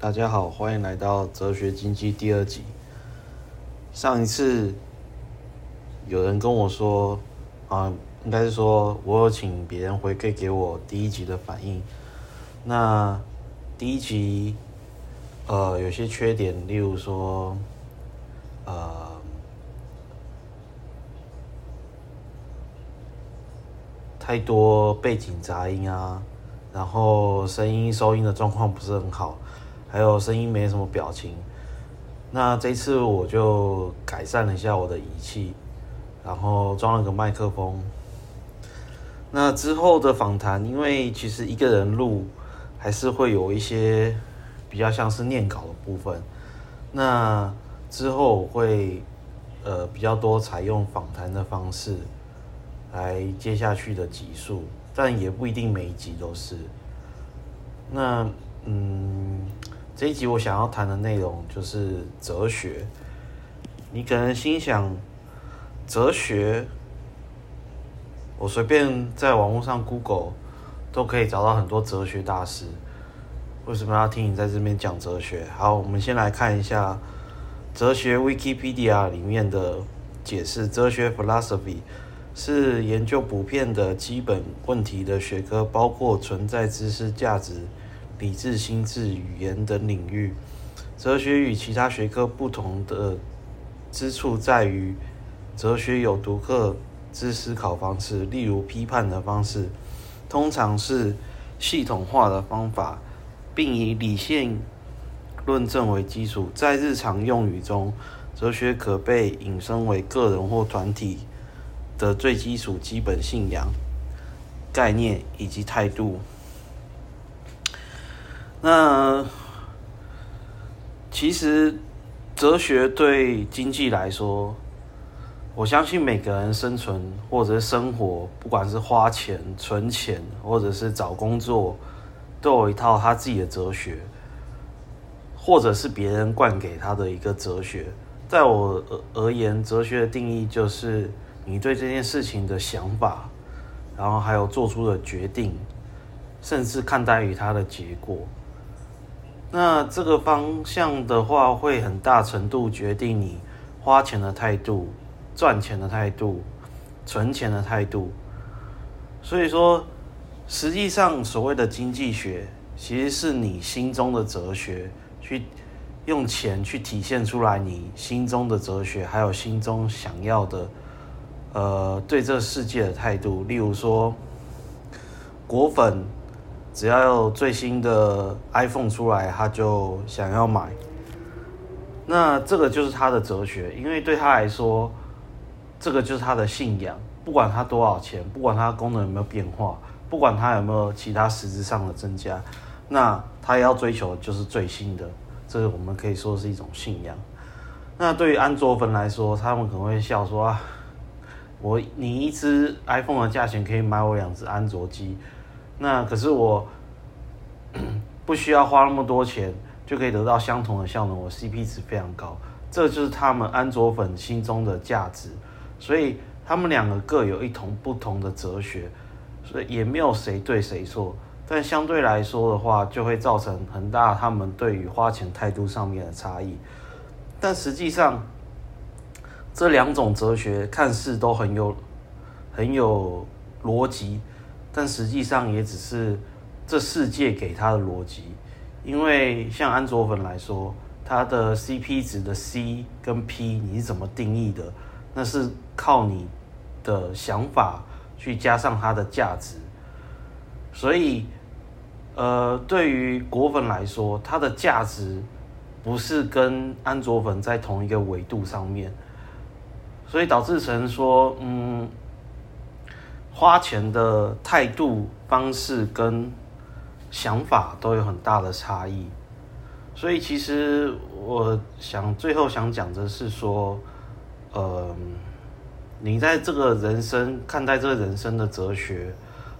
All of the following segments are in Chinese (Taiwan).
大家好，歡迎來到《哲學經濟》第二集。上一次有人跟我說，啊、呃，應該是說我有請別人回饋給我第一集的反應。那第一集，呃，有些缺點，例如說，呃，太多背景雜音啊，然後聲音收音的狀況不是很好。還有聲音沒什麼表情，那這次我就改善了一下我的儀器，然後裝了個麥克風。那之後的訪談，因為其實一個人錄還是會有一些比較像是念稿的部分。那之後我會呃比較多採用訪談的方式來接下去的集數，但也不一定每一集都是。那嗯。這一集我想要談的內容就是哲學。你可能心想，哲學，我隨便在網絡上 Google 都可以找到很多哲學大師，為什麼要聽你在這邊講哲學？好，我們先來看一下哲學 Wikipedia 裡面的解釋：哲學 Philosophy 是研究普遍的基本問題的學科，包括存在、知識、價值、理智、心智、語言等領域，哲學與其他學科不同的之處在於，哲學有獨特之思考方式，例如批判的方式，通常是系統化的方法，並以理性論證為基礎。在日常用語中，哲學可被引申為個人或團體的最基礎基本信仰、概念以及態度。那其實哲學對經濟來說，我相信每個人生存或者是生活，不管是花錢、存錢，或者是找工作，都有一套他自己的哲學，或者是別人灌給他的一個哲學。在我而言，哲學的定義就是你對這件事情的想法，然後還有做出的決定，甚至看待於它的結果。那這個方向的話，會很大程度決定你花錢的態度、賺錢的態度、存錢的態度。所以說，實際上所謂的經濟學，其實是你心中的哲學，去用錢去體現出來你心中的哲學，還有心中想要的，呃，對這世界的態度。例如說，果粉。只要有最新的 iPhone 出來，他就想要買。那這個就是他的哲學，因為對他來說，這個就是他的信仰。不管他多少錢，不管他功能有沒有變化，不管他有沒有其他實質上的增加，那他要追求的就是最新的。這個我們可以說是一種信仰。那對於安卓粉來說，他們可能會笑說啊，我你一隻 iPhone 的價錢可以買我兩隻安卓機。那可是我不需要花那麼多錢就可以得到相同的效能，我 CP 值非常高，這就是他們安卓粉心中的價值。所以他們兩個各有一同不同的哲學，所以也沒有誰對誰錯。但相對來說的話，就會造成很大他們對於花錢態度上面的差異。但實際上，這兩種哲學看似都很有很有邏輯。但實際上也只是這世界給他的邏輯，因為像安卓粉來說，它的 CP 值的 C 跟 P 你是怎麼定義的？那是靠你的想法去加上它的價值，所以，呃，對於果粉來說，它的價值不是跟安卓粉在同一個維度上面，所以導致成說，嗯。花錢的態度、方式跟想法都有很大的差異，所以其實我想最後想講的是說，呃，你在這個人生看待這個人生的哲學，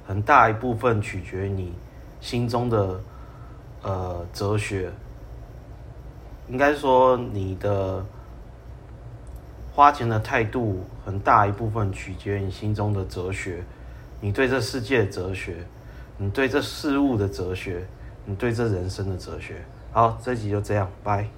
很大一部分取決於你心中的呃哲學，應該說你的。花錢的態度很大一部分取決於你心中的哲學，你對這世界的哲學，你對這事物的哲學，你對這人生的哲學。好，這集就這樣，拜。